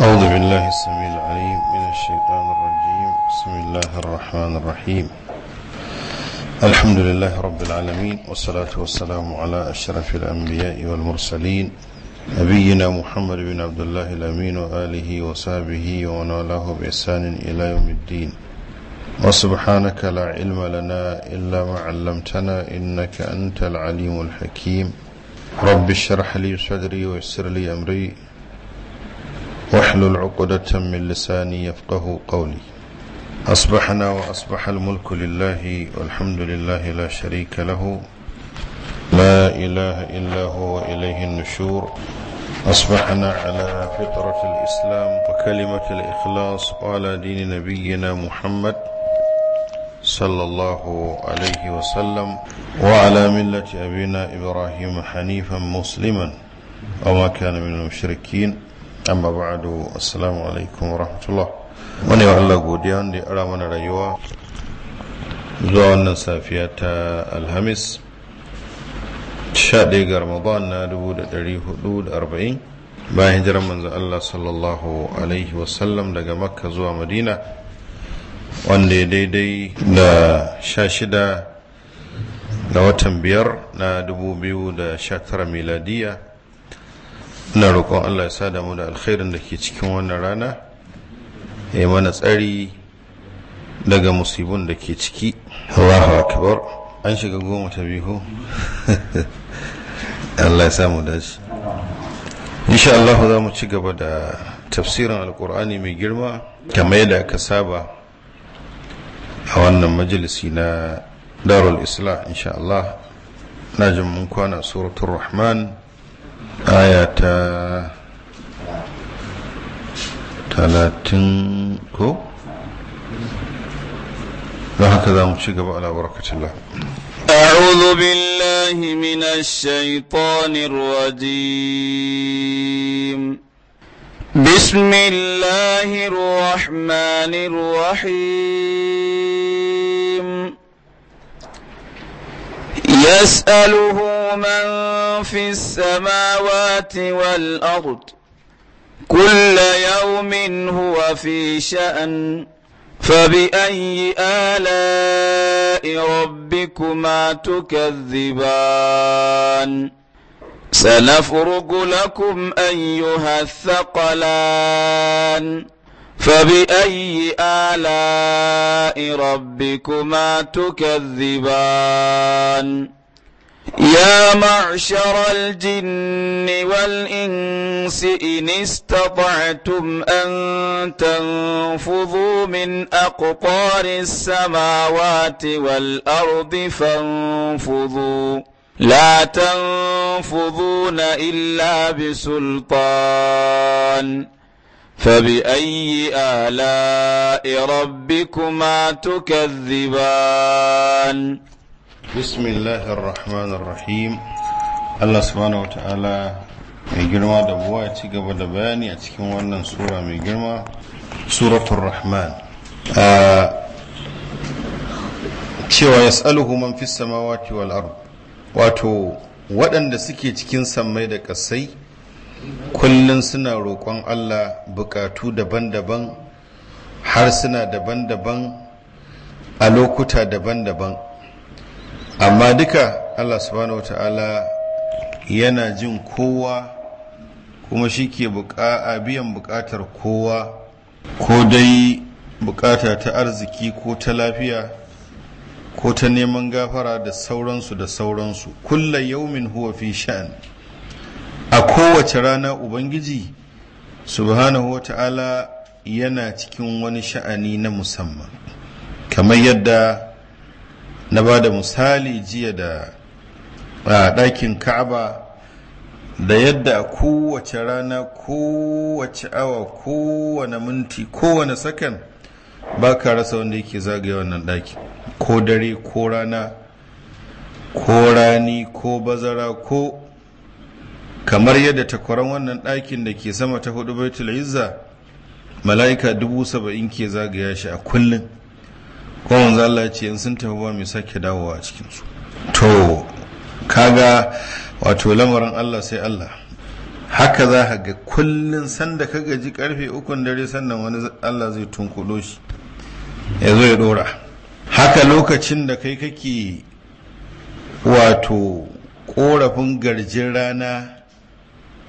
أعوذ بالله السميع العليم من الشيطان الرجيم بسم الله الرحمن الرحيم الحمد لله رب العالمين والصلاة والسلام على أشرف الأنبياء والمرسلين نبينا محمد بن عبد الله الأمين وآله وصحبه ومن والاه بإحسان إلى يوم الدين وسبحانك لا علم لنا إلا ما علمتنا إنك أنت العليم الحكيم رب اشرح لي صدري ويسر لي أمري واحلل عقدة من لساني يفقه قولي أصبحنا وأصبح الملك لله والحمد لله لا شريك له لا إله إلا هو وإليه النشور أصبحنا على فطرة الإسلام وكلمة الإخلاص وعلى دين نبينا محمد صلى الله عليه وسلم وعلى ملة أبينا إبراهيم حنيفا مسلما وما كان من المشركين amma ba'adu assalamu alaikum wa rahmatullah wani wa Allah godiya wanda ya ara mana rayuwa zuwa wannan safiya ta alhamis 11 ga ramadan na 1440 bayan hijirar manzon Allah sallallahu alaihi wasallam daga makka zuwa madina wanda ya daidai da 16 ga watan biyar na 2019 miladiya na roƙon Allah ya sada mu da alkhairin da ke cikin wannan rana ya mana tsari daga musibin da ke ciki Allahu akbar an shiga goma ta biyu Allah ya samu dace insha Allah za mu ci gaba da tafsirin alkur'ani mai girma kamar yadda aka saba a wannan majalisi na darul isla insha Allah na mun kwana suratul rahman aya ta talatin ko don haka za ci gaba ala barakatillah أعوذ بالله من الشيطان الرجيم بسم الله الرحمن الرحيم يسأله من في السماوات والأرض كل يوم هو في شأن فبأي آلاء ربكما تكذبان سنفرق لكم أيها الثقلان فبأي آلاء ربكما تكذبان يا معشر الجن والإنس إن استطعتم أن تنفذوا من أقطار السماوات والأرض فانفذوا لا تنفذون إلا بسلطان فبأي آلاء ربكما تكذبان بسم الله الرحمن الرحيم الله سبحانه وتعالى mai girma da buwa ci gaba da bayani a cikin wannan sura mai girma Suratun rahman cewa ya tsaluhu man fi samawati wato waɗanda suke cikin sammai da ƙasai kullum suna roƙon allah buƙatu daban-daban harsuna daban-daban a lokuta daban-daban amma duka Allah subhanahu wa ta'ala yana jin kowa kuma shi ke biyan bukatar kowa ko dai bukata ta arziki ko ta lafiya ko ta neman gafara da sauransu da sauransu kulla yaumin huwa fi sha'an a kowace rana ubangiji subhanahu wa ta'ala yana cikin wani sha'ani na musamman kamar yadda na ba da misali jiya da ɗakin ka'aba da yadda a kowace rana kowace awa kowane minti kowane sakan ba ka rasa wanda yake zagaya wannan ɗaki ko dare ko rana ko rani ko bazara ko kamar yadda takwaran wannan ɗakin da ke sama ta hudu baitul izza mala'ika dubu saba'in ke zagaya shi a kullum ko manzo Allah ce in sun tafi ba mai sake dawowa a cikinsu. su to kaga wato lamarin Allah sai Allah haka za ka ga kullun sanda ka gaji karfe ukun dare sannan wani Allah zai tunkudo shi ya zo ya dora haka lokacin da kai kake wato ƙorafin garjin rana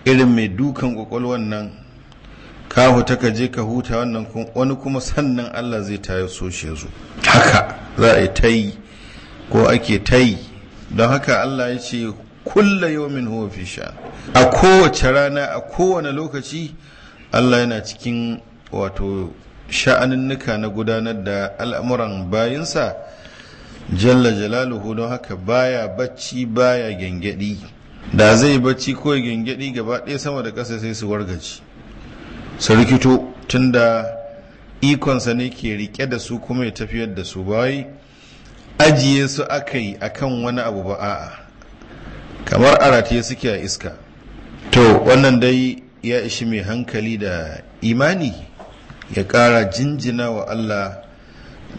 irin mai dukan kwakwalwan nan ka huta ka je ka huta wannan wani kuma sannan Allah zai tayo so shi haka za a yi ta yi ko ake ta yi don haka Allah ya ce kulla yawmin huwa fi sha a kowace rana a kowane lokaci Allah yana cikin wato sha'aninnika na gudanar da al'amuran bayinsa jalla jalaluhu don haka baya bacci baya gengedi da zai bacci ko gengedi gaba ɗaya sama da ƙasa sai su wargaci su rikito da ikonsa ne ke rike da su kuma ya tafiyar da su bai ajiye su aka yi a kan wani abu ba a'a kamar aratiye suke a iska to wannan dai ya ishi mai hankali da imani ya ƙara jinjina wa Allah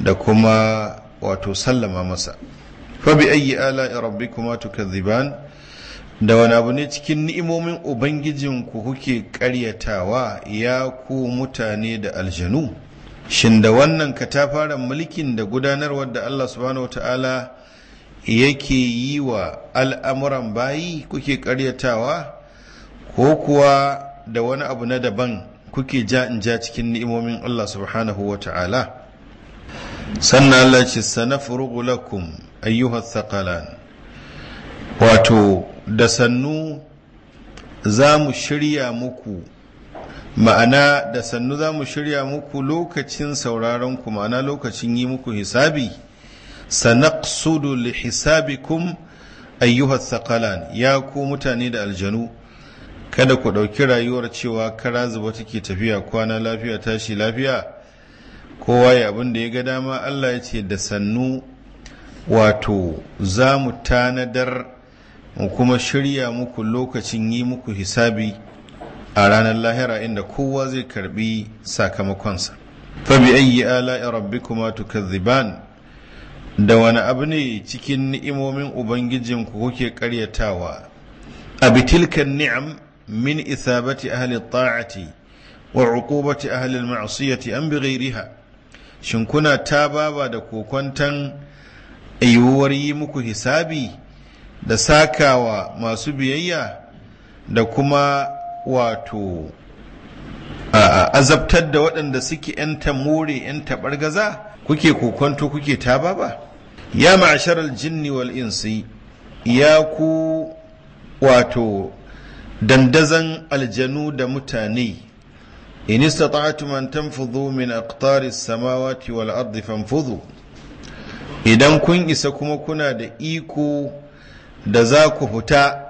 da kuma wato sallama masa fabi ayyi ala rabbikuma tukadhiban da wani abu ne cikin ni'imomin ku kuke karyatawa ya ku mutane da aljanu shin da wannan ka ta fara mulkin da gudanarwar da allah subhanahu ta'ala yake yi wa al'amuran bayi kuke karyatawa ko kuwa da wani abu na daban kuke ja in ja cikin ni'imomin allah subhanahu wa sannan allah ce sana lakum ayyuhar thaqalan wato da sannu za mu shirya muku ma'ana da sannu za mu shirya muku lokacin sauraron ku ma'ana lokacin yi muku hisabi sanaqsudu li hisabikum ayyuha ya ku mutane da aljanu kada ku ɗauki rayuwar cewa kara zuba take tafiya kwana lafiya tashi lafiya kowa ya abin da ya ga dama Allah ya ce da sannu wato za mu tanadar mu kuma shirya muku lokacin yi muku hisabi a ranar lahira inda kowa zai karbi sakamakonsa fabi ayyi ala'i rabbikuma tukadhiban da wani abu ne cikin ni'imomin ubangijin ku kuke karyatawa a tilkan ni'am min isabati ahli ta'ati wa uqubati ahli al-ma'siyati an bighairiha shin kuna tababa da kokontan yiwuwar yi muku hisabi da sakawa masu biyayya da kuma wato azabtar da waɗanda suke 'yan tamure 'yan taɓargaza kuke kokonto kuke taba ba ya ma'asharar jinni wal insi ya ku wato dandazan aljanu da mutane in istata'tum an tanfudhu min aqtari samawati wal ardi fanfudhu idan kun isa kuma kuna da iko da za ku fita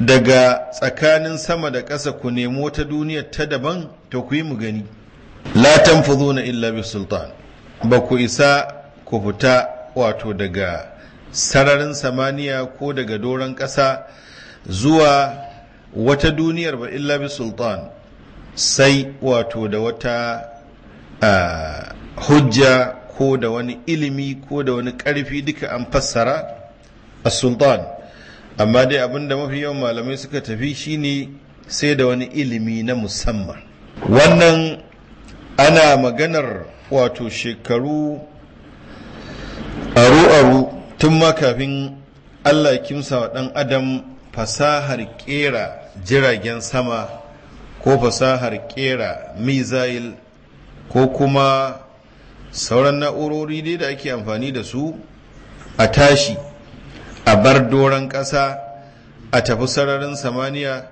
daga tsakanin sama da ƙasa ku nemo ta duniya ta daban ta ku yi mu gani la tanfuzuna illa bi sultan ba ku isa ku fita wato daga sararin samaniya ko daga doron ƙasa zuwa wata duniyar ba illa bi sultan sai wato da wata hujja ko da wani ilimi ko da wani ƙarfi duka an fassara as-sultan amma dai abinda mafi yawan malamai suka tafi shine sai da wani ilimi na musamman wannan ana maganar wato shekaru aru-aru tun ma kafin allah kimsa wa ɗan adam fasahar kera jiragen sama ko fasahar kera mizail ko kuma sauran na'urori dai da ake amfani da su a tashi a bar doron ƙasa a tafi sararin samaniya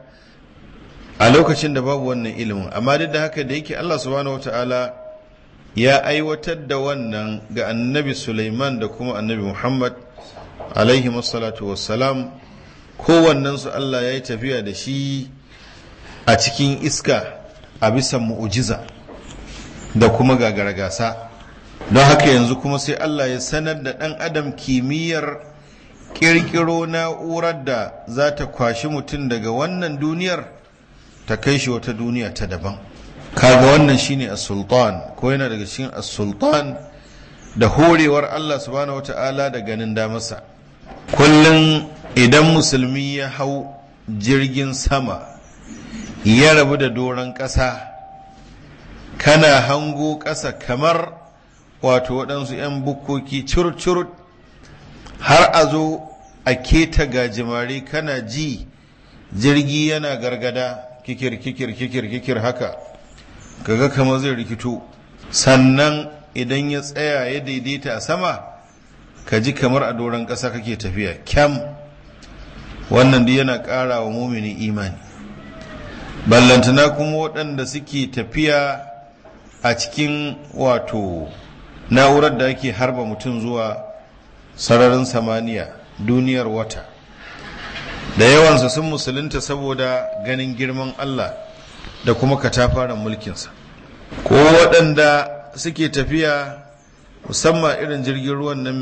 a lokacin da babu wannan ilimin amma duk da haka da yake Allah subhanahu wata'ala ya aiwatar da wannan ga annabi Sulaiman da kuma annabi Muhammad alaihi wassalatu wassalam kowannensu Allah ya yi tafiya da shi a cikin iska a bisa mu'ujiza da kuma gagara gasa don haka yanzu kuma sai Allah ya sanar da ɗan adam kimiyyar ƙirƙiro na'urar da za ta kwashi mutum daga wannan duniyar ta kai shi wata duniya ta daban kaga wannan shine ne sultan ko yana daga cikin asultan da horewar Allah subhanahu wata'ala da ganin damarsa kullum idan musulmi ya hau jirgin sama ya rabu da doron ƙasa kana hango ƙasa kamar wato waɗansu 'yan bukkoki curcurut har a zo a keta gajimare kana ji jirgi yana gargada kikir kikir kikir kikir haka kaga kama zai rikito sannan idan ya tsaya ya daidaita a sama ka ji kamar a doron ƙasa kake tafiya kyam wannan duk yana ƙara wa mumini imani ballantana kuma waɗanda suke tafiya a cikin wato na'urar da ake harba mutum zuwa sararin samaniya duniyar wata da yawansa sun musulunta saboda ganin girman Allah da kuma katafaren mulkinsa ko waɗanda suke tafiya musamman irin jirgin ruwan nan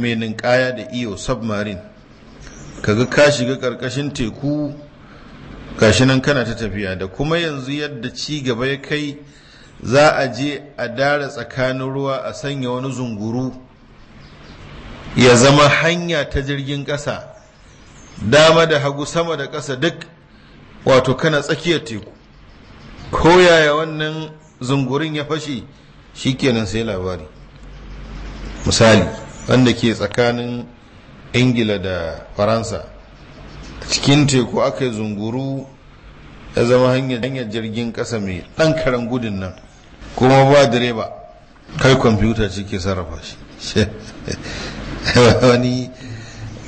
mai ninkaya da iyo e submarine ga ka shiga ƙarƙashin teku shi nan kana ta tafiya da kuma yanzu yadda ci gaba ya kai za a je a dara tsakanin ruwa a sanya wani zunguru ya zama hanya ta jirgin ƙasa dama da hagu sama da ƙasa duk wato kana tsakiyar teku ko yaya wannan zungurin ya fashe shikenan sai labari misali wanda ke tsakanin ingila da faransa cikin teku aka yi zunguru ya zama hanyar jirgin ƙasa mai ɗan karen gudun nan kuma ba direba kai kwamfuta ce ke sarrafa shi wani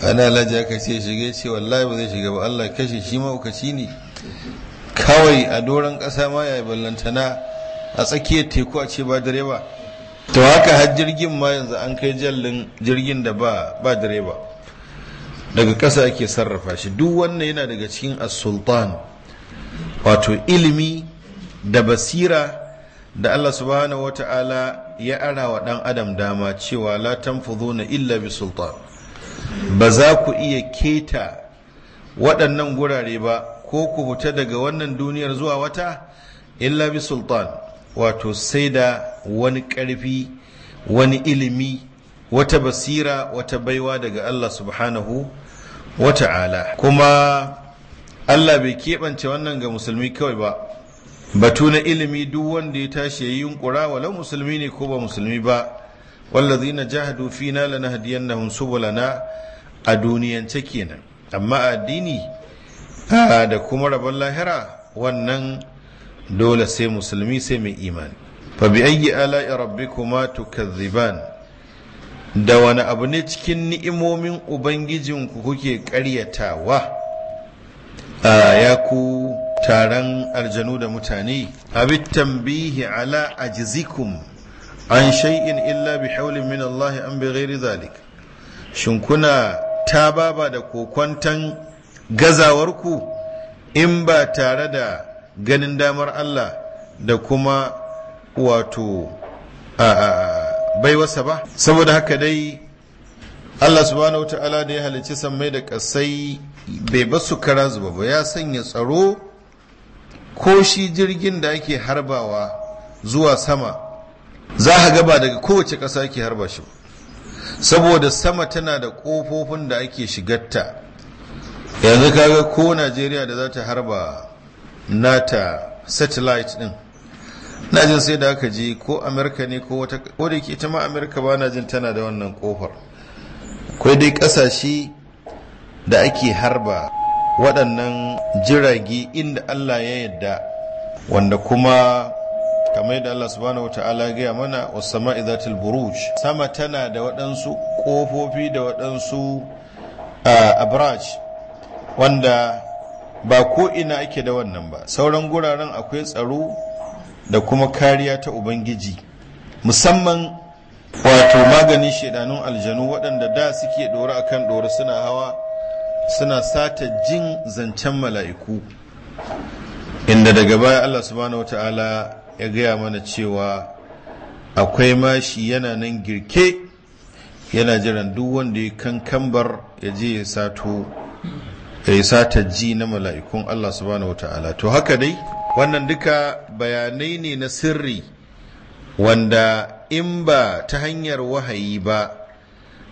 ana alhaji aka ce shige ce wallahi ba zai shiga ba Allah kashe shi maukaci ne kawai a doron ƙasa ma ya yi ballantana a tsakiyar teku a ce ba direba to haka har jirgin ma yanzu an kai jallin jirgin da ba ba direba daga ƙasa ake sarrafa shi duk wannan yana daga cikin as-sultan wato ilimi da basira da Allah subhanahu ta'ala ya ara wa ɗan adam dama cewa la tanfuduna illa bi sultan ba za ku iya keta waɗannan gurare ba ko ku fita daga wannan duniyar zuwa wata illa bi sultan wato sai da wani ƙarfi wani ilimi wata basira wata baiwa daga Allah subhanahu wa ta'ala. kuma Allah bai keɓance wannan ga musulmi kawai ba batu na ilimi duk wanda ya tashi ya yunkura walau musulmi ne ko ba musulmi ba na jahadu na lanahdiyannahum na a duniyance kenan amma addini da kuma rabon lahira wannan dole sai musulmi sai mai imani fa bi ayyi ala'i rabbikuma tukadhiban da wani abu ne cikin ni'imomin ubangijinku kuke ƙaryatawa ya ku taron aljanu da mutane abin tambihi ala ajizikum an shay'in illa bi haulin min Allah an bi ghairi zalik shin kuna ta baba da kokwantan gazawarku in ba tare da ganin damar Allah da kuma wato bai wasa ba saboda haka dai Allah subhanahu wa ta'ala da ya halicci sammai da kasai bai basu kara zuba ba ya sanya tsaro ko shi jirgin da ake harbawa zuwa sama za a gaba daga kowace ƙasa ake harba shi saboda sama tana da ƙofofin da ake shigarta yanzu kaga ko najeriya da za ta harba nata satellite din na jin sai da aka ji ko amerika ne ko wata wadda ke ita ma amerika ba na jin tana da wannan kofar akwai dai ƙasashe da ake harba waɗannan jirage inda Allah ya yadda wanda kuma kamar yadda Allah subhanahu wa ta'ala gaya mana sama'i idatil buruj sama tana da waɗansu ƙofofi da waɗansu abraj wanda ba ko ina ake da wannan ba sauran guraren akwai tsaro da kuma kariya ta ubangiji musamman wato maganin shaidanun aljanu waɗanda da suke ɗora akan ɗora suna hawa suna sata jin zancen mala'iku inda daga baya Allah subhanahu wata'ala ya gaya mana cewa akwai mashi yana nan girke yana jiran duk wanda ya kankambar ya je ya sato ya sata ji na mala'ikun Allah subhanahu wata'ala to haka dai wannan duka bayanai ne na sirri wanda in ba ta hanyar wahayi ba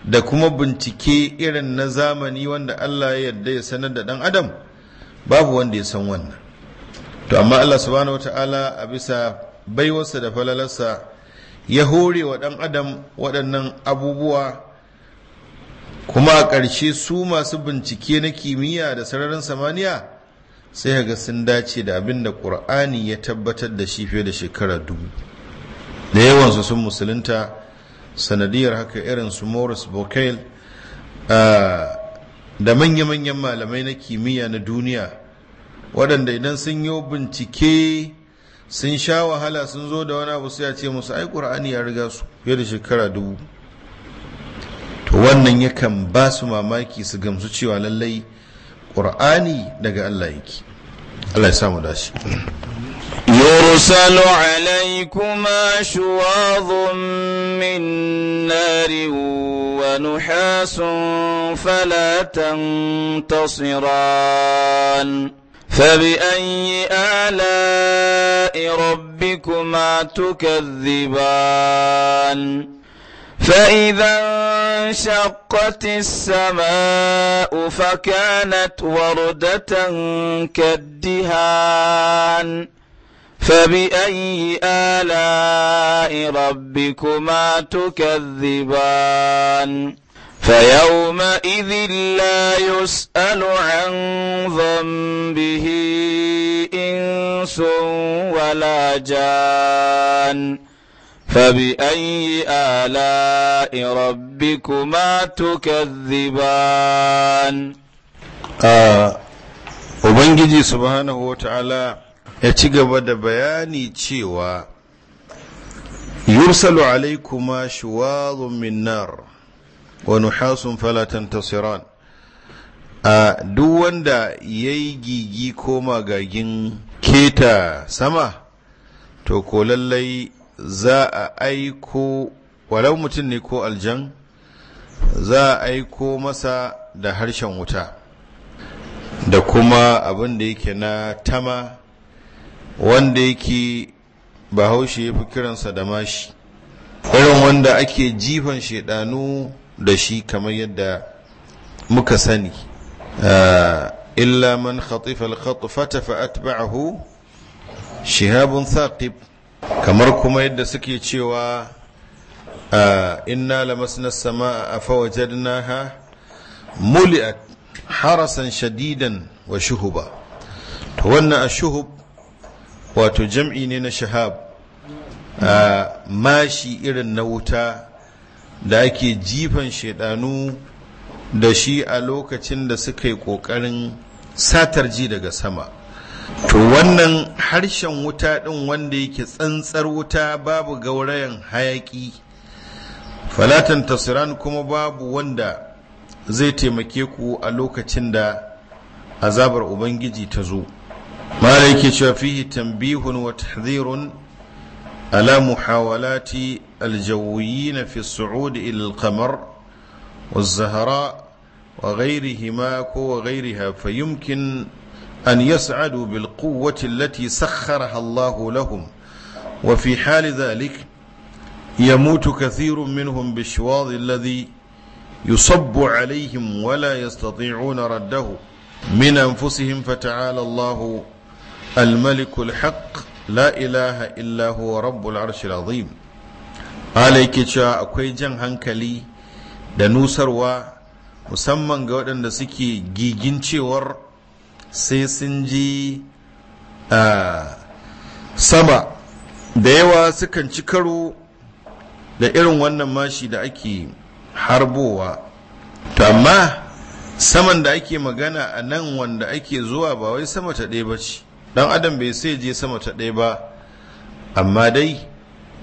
da kuma bincike irin na zamani wanda Allah ya yarda ya sanar da ɗan adam babu wanda ya san wannan to amma Allah subhanahu wata'ala a bisa baiwarsa da falalarsa ya hore wa ɗan adam waɗannan abubuwa kuma a ƙarshe su masu bincike na kimiyya da sararin samaniya sai ga sun dace da abin da ƙur'ani ya tabbatar da shi fiye da shekara dubu da yawansu sun musulunta sanadiyar haka irin su morris bokel ah, da manya-manyan malamai na kimiyya na duniya waɗanda idan sun yi bincike sun sha wahala sun zo da wani abu ya ce musu ai ƙur'ani ya riga su fiye da shekara dubu to wannan yakan ba su mamaki su gamsu cewa lallai ƙur'ani daga allah yake allah ya samu dashi يرسل عليكما شواظ من نار ونحاس فلا تنتصران فبأي آلاء ربكما تكذبان فإذا انشقت السماء فكانت وردة كالدهان فبأي آلاء ربكما تكذبان فيومئذ لا يسأل عن ذنبه إنس ولا جان فبأي آلاء ربكما تكذبان أبنجي سبحانه وتعالى ya ci gaba da bayani cewa yursalu alaikuma shuwadun min nar wa nuhasun fala a duk wanda ya yi gigi ko magagin keta sama to ko lallai za a aiko walau mutum ne ko aljan za a aiko masa da harshen wuta da kuma abin da yake na tama wanda yake bahaushe ya fi kiransa da mashi irin wanda ake jifan shaidanu da shi kamar yadda muka sani ah, illa man khatifa al-khatfata fa atba'ahu shihabun thaqib kamar kuma yadda suke cewa ah, inna lamasna as-samaa afawajadnaha muli'at harasan shadidan wa shuhuba to wannan ashuhub wato jam'i ne na shahab a mashi irin na wuta da ake jifan shaidanu da shi a lokacin da suka yi ƙoƙarin satar ji daga sama to wannan harshen wuta din wanda yake tsantsar wuta babu gaurayen hayaƙi falatan tasiran kuma babu wanda zai taimake ku a lokacin da azabar ubangiji ta zo مالك فيه تنبيه وتحذير على محاولات الجويين في الصعود إلى القمر والزهراء وغيرهما وغيرها فيمكن أن يسعدوا بالقوة التي سخرها الله لهم وفي حال ذلك يموت كثير منهم بالشواظ الذي يصب عليهم ولا يستطيعون رده من أنفسهم فتعالى الله الملك الحق لا إله إلا هو رب العرش العظيم عليك cewa akwai jan hankali da nusarwa musamman ga waɗanda suke gigin cewar sai sun ji sama da yawa sukan ci karo da irin wannan mashi da ke harbowa to amma saman da ake magana a nan wanda ake zuwa ba wai sama ta ɗaya ba ce dan adam bai sai je sama ta ɗaya ba amma dai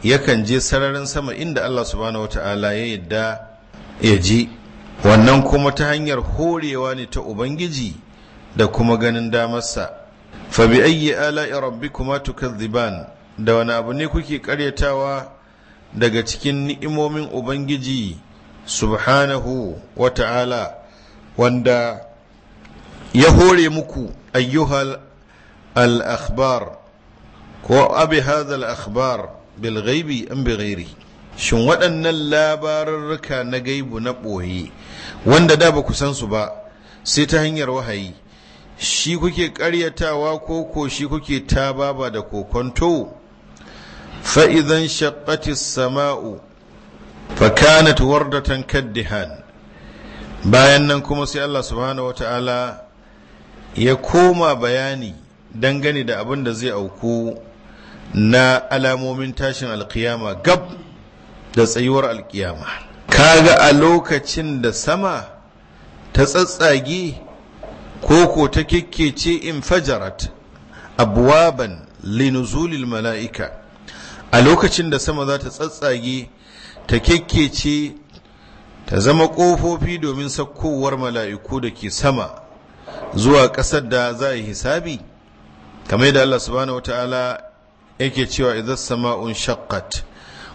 yakan je sararin sama inda Allah subhanahu wata'ala ya yadda ya je wannan kuma ta hanyar horewa ne ta ubangiji da kuma ganin damarsa fa bi ayyi ala'i rabbikuma tukadhiban da wani abu ne kuke karyatawa daga cikin ni'imomin ubangiji subhanahu wata'ala wanda ya hore muku ayyuhal al-akhbar ko Abihazal akbar, al-akhbar shin waɗannan labarurruka na gaibu na ɓoye wanda da ba ku san su ba sai ta hanyar wahayi shi kuke ƙaryatawa ko ko shi kuke ta baba da kokonto fa'izan shaƙatis sama'u fakanat wardatan kaddihan bayan nan kuma sai Allah subhanahu ya koma bayani dangane da abin da zai auku na alamomin tashin alkiyama gab da tsayuwar alkiyama kaga a lokacin da sama ta tsatsage ko ta kikkece in fajarat abuwaban linuzulil mala'ika a lokacin da sama za ta tsatsage ta kikkece ta zama ƙofofi domin sakkowar mala'iku da ke sama zuwa ƙasar da za a yi hisabi kamar da Allah subhanahu wataala yake cewa idan sama'un shaqqat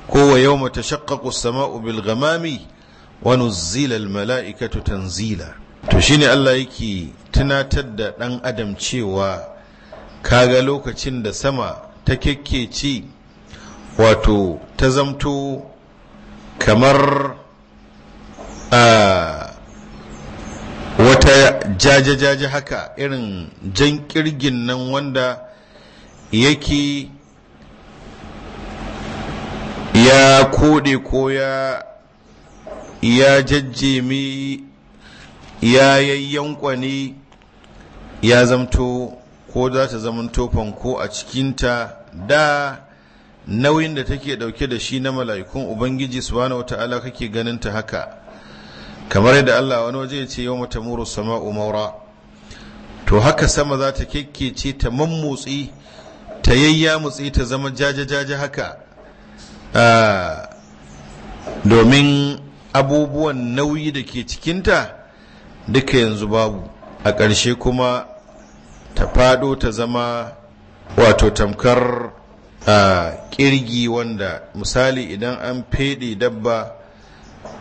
ko wa yawma tashaqqaqu samau bil ghamami wa nuzila al mala'ikatu tanzila to shine Allah yake tunatar da dan adam cewa kaga lokacin da sama ta kekkeci wato ta zamto kamar a ah, wata jaje-jaje haka irin jan kirgin nan wanda yake ya kode ko ya ya jajjemi ya yayyankwani ya zamto ko za ta zamanto fanko a cikinta da nauyin da take dauke da shi na mala'ikun ubangiji subhanahu ta'ala kake ganin ta haka kamar yadda Allah wani waje ce yau mata muru sama maura to haka sama za ta kekkece ta mammutsi ta yayya mutsi ta zama jaje-jaje haka ah, domin abubuwan nauyi da ke cikinta duka yanzu babu a ƙarshe kuma ta fado ta zama wato tamkar ah, ƙirgi wanda misali idan an feɗe dabba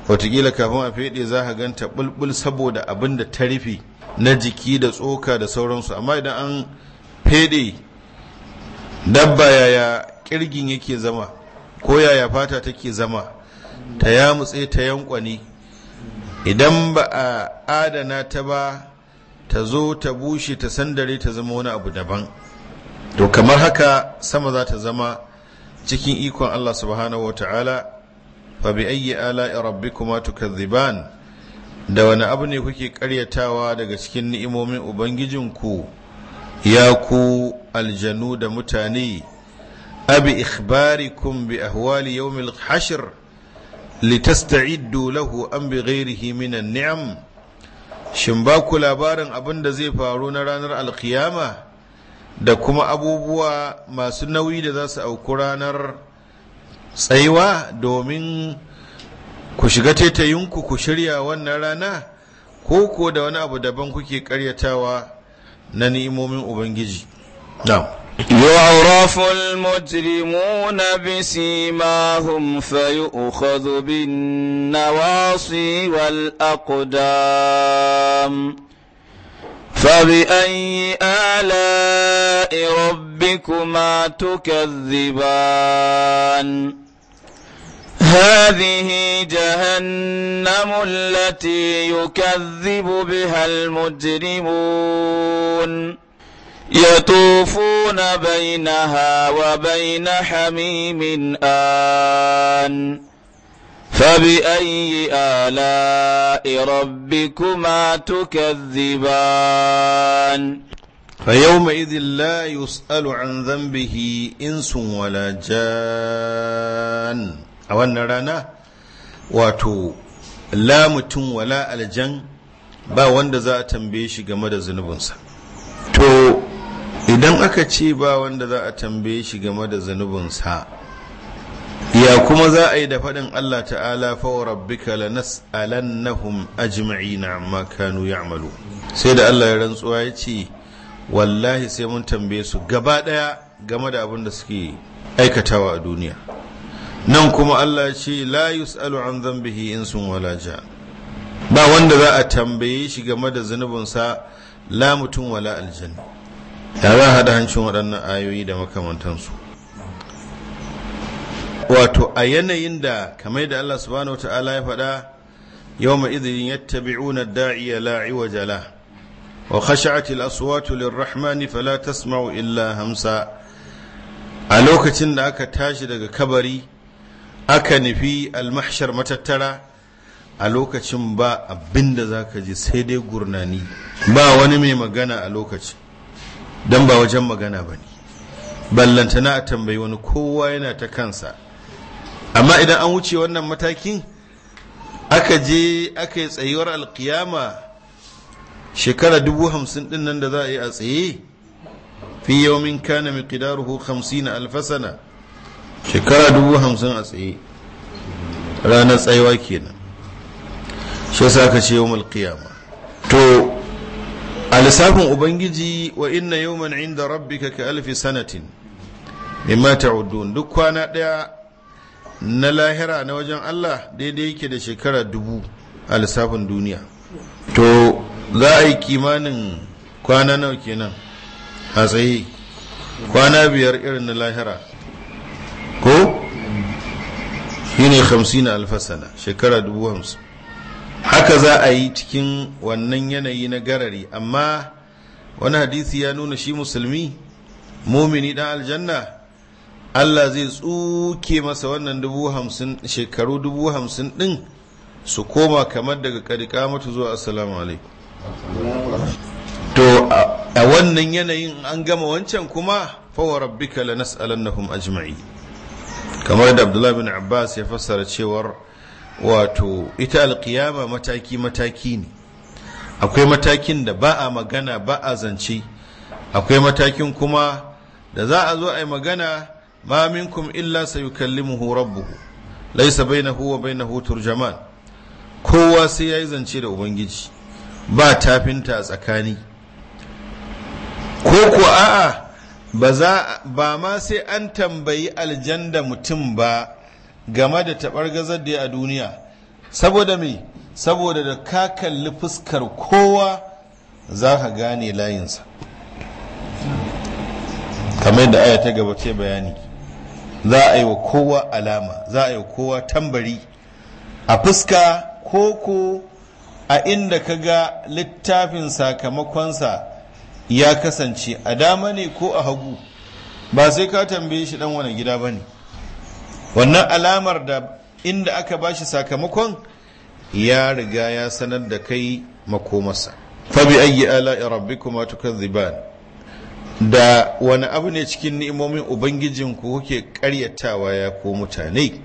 watakila kafin a fede za ka ganta bulbul saboda abin da ta rufe na jiki da tsoka da sauransu amma idan an fede dabba yaya kirgin yake zama ko yaya fata take zama ta yamutse ta yankwani idan ba a adana ta ba ta zo ta bushe ta sandare ta zama wani abu daban to kamar haka sama za ta zama cikin ikon allah subhanahu wa ta'ala fa bi ayyi ala'i da wani abu ne kuke karyatawa daga cikin ni'imomin ubangijinku ya ku aljanu da mutane abi ikhbarikum bi ahwali yawmil hashr litasta'iddu lahu an bi ghairihi ni'am shin ba ku labarin abin da zai faru na ranar alkiyama da kuma abubuwa masu nauyi da za su auku ranar tsaiwa domin ku shiga tetayinku ku shirya wannan rana ko ko da wani abu daban kuke karyatawa na ni'imomin ubangiji يعرف المجرمون بسيماهم فيؤخذ بالنواصي والأقدام فبأي آلاء ربكما تكذبان هذه جهنم التي يكذب بها المجرمون يطوفون بينها وبين حميم آن فبأي آلاء ربكما تكذبان فيومئذ لا يسأل عن ذنبه إنس ولا جان a wannan rana wato la mutum wala aljan ba wanda za a tambaye shi game da zunubinsa to idan aka ce ba wanda za a tambaye shi game da zunubinsa ya kuma za a yi da faɗin Allah ta'ala a jima'i na? amma kanu ya'malu sai da Allah ya rantsuwa ya ce wallahi sai mun tambaye su gaba ɗaya game da abin da suke aikatawa a duniya nan kuma Allah ce la yus'alu an dhanbihi insun wala ja ba wanda za a tambaye shi game da zunubinsa la mutum wala aljanna ya ba hada hancin waɗannan ayoyi da makamantansu wato a yanayin da kamar da Allah subhanahu wa ta'ala ya faɗa yawma idhin yattabi'una ad-da'iya la iwaja la wa khashi'at al-aswatu lir-rahmani fala tasma'u illa hamsa a lokacin da aka tashi daga kabari aka nufi almahshar matattara a lokacin ba abinda da za ka ji sai dai gurnani ba wani mai magana a lokacin don ba wajen magana ba ne ballantana a tambayi wani kowa yana ta kansa amma idan an wuce wannan matakin aka je aka yi tsayuwar alkiyama shekara dubu hamsin din nan da za a yi a tsaye fi min kana miqdaruhu hamsin alfasana shekara dubu hamsin a tsaye ranar tsayuwa kenan shi sa ka ce yawon alkiyama to a lissafin ubangiji wa inna yawman inda rabbi ka alfi sanatin mimma ta'udun duk kwana daya na lahira na wajen Allah daidai yake da shekara dubu a lissafin duniya to za a yi kimanin kwana nawa kenan a tsaye kwana biyar irin na lahira ko shine 50 alfasana shekara 50 haka za a yi cikin wannan yanayi na garari amma wani hadisi ya nuna shi musulmi mumini dan aljanna Allah zai tsuke masa wannan dubu hamsin shekaru dubu hamsin din su koma kamar daga ƙarƙa mata zuwa assalamu alaikum to a wannan yanayin an gama wancan kuma fawa rabbika nas'alannahum ajma'i kamar da abdullahi bin abbas ya fassara cewar wato ita alkiyama mataki-mataki ne akwai matakin da ba a magana ba a zance akwai matakin kuma da za a zo a yi magana ma minkum illa sayukallimuhu rabbuhu laisa bainahu wa bainahu turjaman kowa sai ya yi zance da ubangiji ba tafinta a tsakani ko ku a'a ba ma sai an tambayi aljanda mutum ba game da taɓargazar da ya a duniya saboda me saboda da ka kalli fuskar kowa za ka gane layinsa kamar yadda aya ta gaba bayani za a yi wa kowa alama za a yi wa kowa tambari a fuska koko a inda ka ga littafin sakamakonsa ya kasance a dama ne ko a hagu ba sai ka tambaye shi dan wani gida ba ne wannan alamar da inda aka bashi sakamakon ya riga ya sanar da kai makomarsa fabi ayyi ala rabbikuma tukadziban da wani abu ne cikin ni'imomin ubangijinku kuke karyatawa ya ko mutane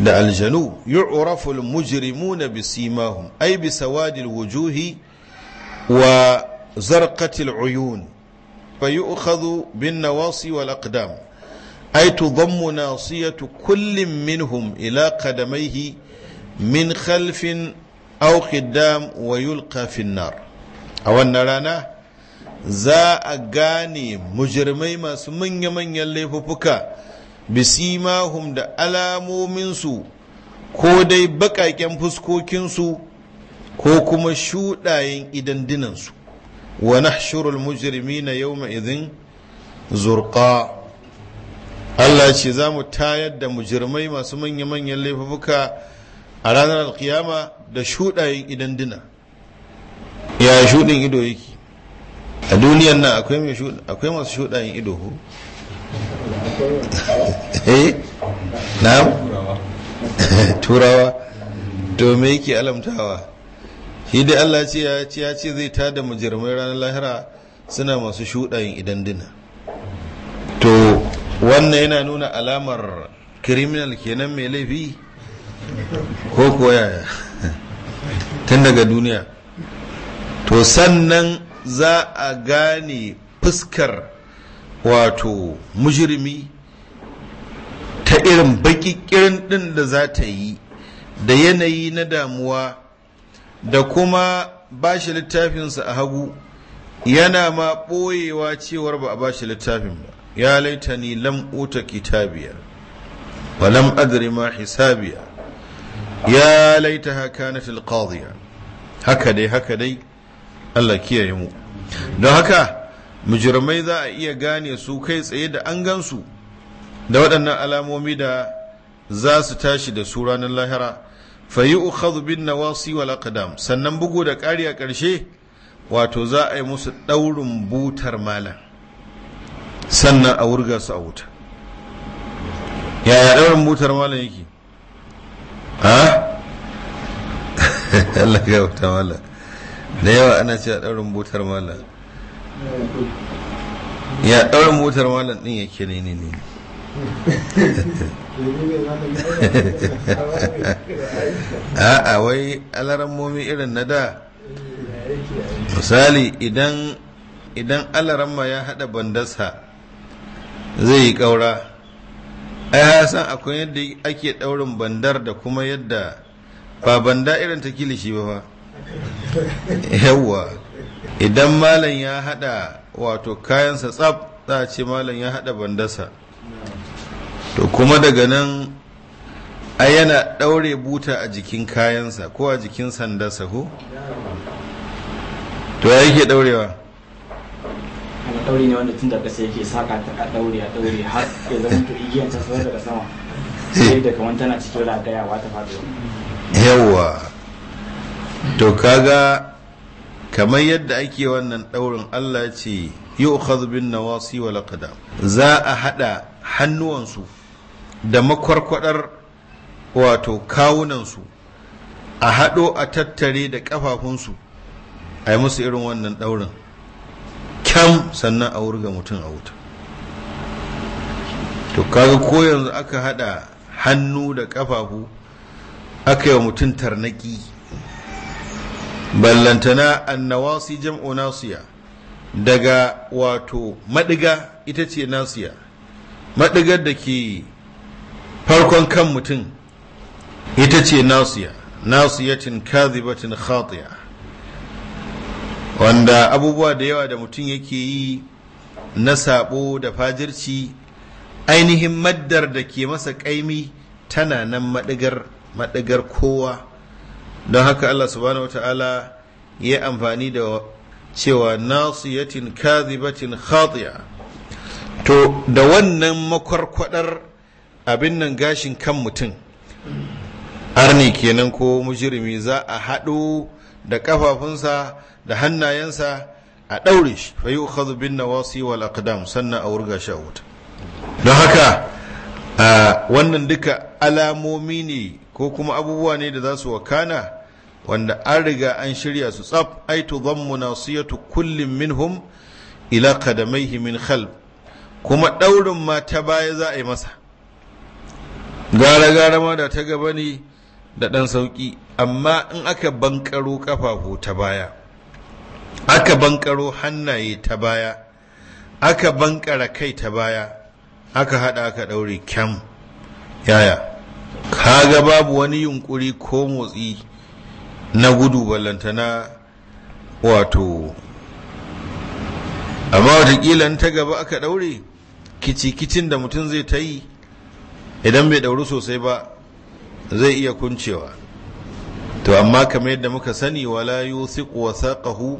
da aljanu yu'rafu al-mujrimuna bisimahum ay bisawadil wujuhi wa زرقت العيون فيؤخذ بالنواصي والأقدام أي تضم ناصية كل منهم إلى قدميه من خلف أو قدام ويلقى في النار أو النرانة za a gane mujirmai masu manya-manyan laifuffuka bisimahum da alamominsu ko dai baƙaƙen fuskokinsu ko kuma shuɗayen idandinansu na yau ma izin zurƙa Allah ce za mu tayar da mujirmai masu manya-manyan laifuka a ranar alkiyama da shuɗayen idan dina ya shuɗin ido yake a duniyar nan akwai masu shuɗayen ido ko? eh na turawa to me yake alamtawa shi dai Allah ce ya ce ya ce zai tada mujirmai ranar lahira suna masu shuɗayin idan dina to wannan yana nuna alamar criminal kenan mai laifi ko koyaya tun daga duniya to sannan za a gane fuskar wato mujirmi ta irin bakikirin ɗin da za ta yi da yanayi na damuwa da kuma ba shi littafinsa a hagu yana ma ɓoyewa cewar ba a ba shi littafin ba ya laita ni lam kitabiya wa lam adri ma hisabiya ya laita haka na haka dai haka dai Allah kiyaye mu don haka mujirmai za a iya gane su kai tsaye da an gansu da waɗannan alamomi da za su tashi da su ranar lahira fayi ukhadhu bin nawasi wal aqdam sannan bugu da ƙari a ƙarshe wato za a yi musu ɗaurin butar malam sannan a wurga su a wuta yaya ɗaurin butar malam yake ha Allah ga wuta malam da yawa ana cewa ɗaurin butar malam ya ɗaurin butar malam ɗin yake ne ne ne a'a wai alarammomi irin na da misali idan idan alaramma ya haɗa bandarsa zai yi ƙaura ai san akwai yadda ake ɗaurin bandar da kuma yadda ba banda irin ta kilishi ba ba yawwa idan malam ya haɗa wato kayansa tsab za a ce malam ya haɗa bandarsa to kuma daga nan a yana ɗaure buta a jikin kayansa ko a jikin sandarsa ko to ya yake ɗaurewa ɗaure ne wanda tun da ƙasa yake saƙa ta a ɗaure a ɗaure har ya zama to igiyan ta sauran daga sama sai eh. da kamar tana cikin ragayawa ta faɗo yawwa to kaga kamar yadda ake wannan ɗaurin Allah ce yi ukhadhu nawasi wa qadam za a haɗa hannuwansu da makwarkwadar wato kawunansu a haɗo a tattare da ƙafafunsu a yi musu irin wannan ɗaurin kyam sannan a wurga mutum a wuta to kaga ko yanzu aka haɗa hannu da ƙafafu aka yi wa mutum tarnaki ballantana annawasi jam'u nasiya daga wato maɗiga ita ce nasiya maɗigar da ke farkon kan mutum ita ce nasiya nasiyatin kazibatin khatiya wanda abubuwa da yawa da mutum yake yi na sabo da fajirci ainihin maddar da ke masa kaimi tana nan madigar madigar kowa don haka Allah subhanahu wataala ya amfani da cewa nasiyatin kazibatin khatiya to da wannan makwarkwadar abin nan gashin kan mutum arni kenan ko mujirimi za a haɗo da ƙafafunsa da hannayensa a ɗaure shi fa yi ukhadhu bin nawasi wal aqdam sannan a wurga shi a wuta don haka wannan duka alamomi ne ko kuma abubuwa ne da za su wakana wanda an riga an shirya su tsaf ai tudammu nasiyatu kullum minhum ila qadamaihi min khalb kuma ɗaurin ma ta baya za a yi masa gara gara ma da ta gaba ne da ɗan sauƙi amma in aka bankaro ƙafafu ta baya aka bankaro hannaye ta baya aka bankara kai ta baya aka haɗa aka ɗaure kyam yaya kaga babu wani yunkuri ko motsi na gudu na wato amma watakila ta gaba aka ɗaure kicikicin da mutum zai ta yi idan bai ɗauri sosai ba zai iya kuncewa to amma kamar yadda muka sani wala yuthiqu wasaqahu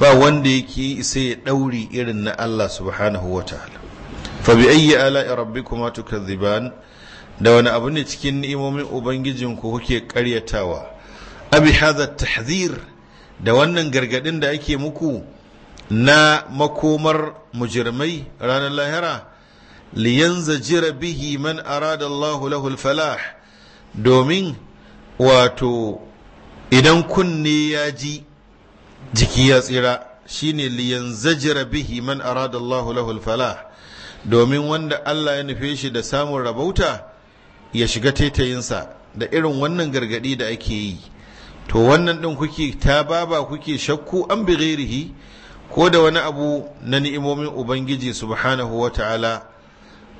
ba wanda yake sai ya ɗauri irin na Allah subhanahu wa ta'ala fa bi ayyi ala'i rabbikuma tukadhiban da wani abu ne cikin ni'imomin ubangijin ku kuke karyatawa abi hadha tahzir da wannan gargadin da ake muku na makomar mujirmai ranar lahira jira bihi man arada Allahu lahul falah domin wato idan kunne ya ji jiki ya tsira shine jira bihi man arada Allahu lahul falah domin wanda Allah ya nufe shi da samun rabauta ya shiga taitayinsa da irin wannan gargadi da ake yi to wannan ɗin kuke ta baba kuke shakku an bi ko da wani abu na ni'imomin ubangiji subhanahu wa ta'ala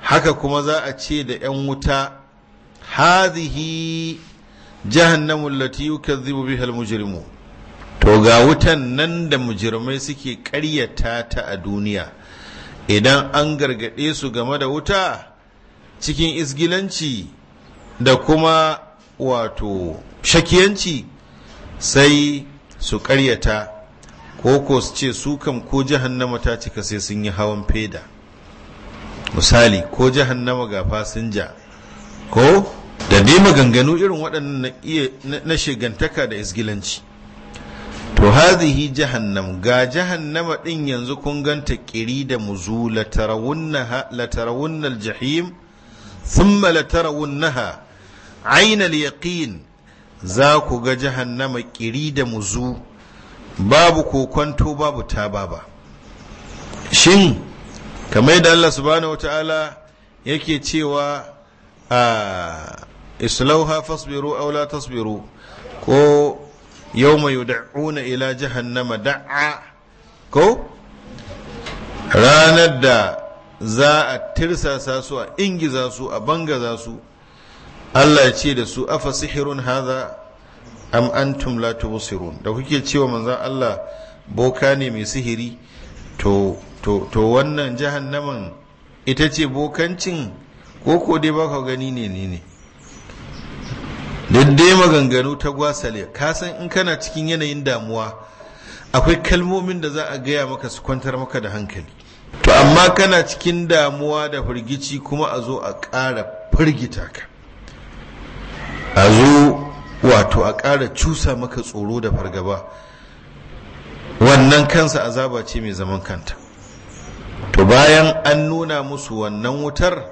haka kuma za a ce da 'yan wuta hazihi jahannamu lati yukazzibu biha almujrimu to ga wutan nan da mujirmai suke karyata ta a duniya idan an gargaɗe su game da wuta cikin isgilanci da kuma wato shakiyanci sai su karyata ko ko su ce su kam ko jahannama ta cika sai sun yi hawan feda misali ko jahannama ga fasinja ko da dai maganganu irin waɗannan na shigantaka da isgilanci to hazihi jahannam ga jahannama ɗin yanzu kun ganta ƙiri da muzu latarawunnal aljahim thumma latarawunnaha ainal yaqin za ku ga jahannama ƙiri da muzu babu kokonto babu taba ba shin kamar da Allah subhanahu wata'ala yake cewa a ah, islauha fasbiru aw la tasbiru ko yawma yud'una ila jahannama da'a ko ranar da za a tirsasa su a ingiza su a bangaza su Allah ya ce da su afa sihirun haza am antum la tubsirun da kuke cewa manzon Allah boka ne mai sihiri to to to wannan jahannaman ita ce bokancin ko ko dai baka gani ne ne ne dai maganganu ta gwasale kasan kasan in kana cikin yanayin damuwa akwai kalmomin da za a gaya maka su kwantar maka da hankali to amma kana cikin damuwa da firgici kuma a zo a ƙara firgita ka a zo wato a ƙara cusa maka tsoro da fargaba wannan kansa azaba ce mai zaman kanta to bayan an nuna musu wannan wutar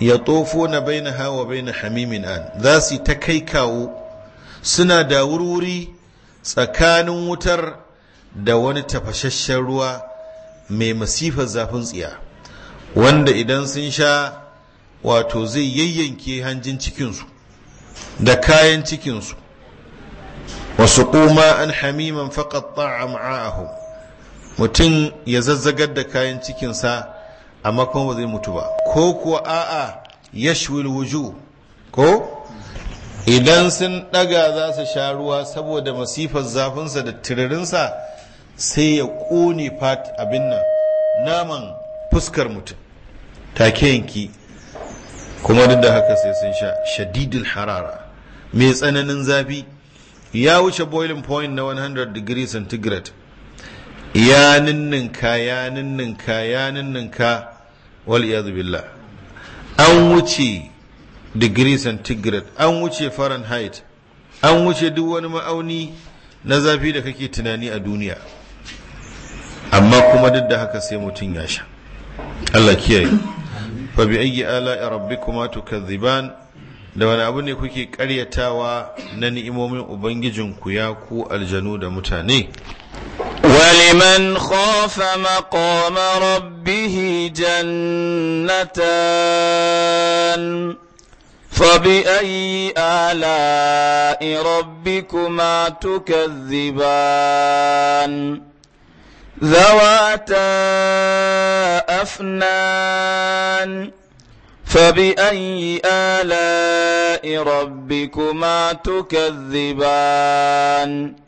ya tofo na baina hawa baina hamimin an za su ta kai kawo suna da wuri-wuri, tsakanin wutar da wani tafashashen ruwa mai masifar zafin tsiya wanda idan sun sha wato zai yayyanke hanjin cikinsu da kayan cikinsu wasu kuma an hamiman faƙaɗa a ma'a'ahum mutum ya zazzagar da kayan cikinsa a kuma ba zai mutu ba ko kuwa a'a ya wuju ko idan sun daga za su sha ruwa saboda masifar zafinsa da tirarinsa sai ya ƙone fat abin nan naman fuskar mutum take yanki kuma duk da haka sai sun sha shadidul harara mai tsananin zafi ya wuce boiling point na 100 degree centigrade ya ninninka ya ninninka ya ninninka wal billah an wuce degree centigrade an wuce fahrenheit an wuce duk wani ma'auni na zafi da kake tunani a duniya amma kuma duk da haka sai mutum ya sha Allah kiyaye fa bi ayyi ala'i rabbikuma tukadhiban da wani abu ne kuke karyatawa na ni'imomin ubangijinku ya ku aljanu da mutane ولمن خاف مقام ربه جنتان فبأي آلاء ربكما تكذبان ذواتا أفنان فبأي آلاء ربكما تكذبان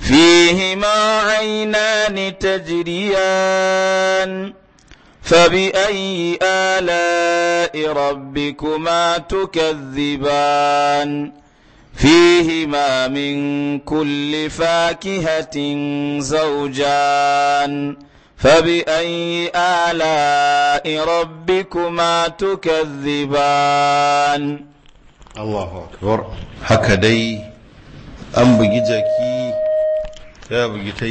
فيهما عينان تجريان فبأي آلاء ربكما تكذبان فيهما من كل فاكهة زوجان فبأي آلاء ربكما تكذبان الله أكبر هكذا أم بجدك Ya bugi ta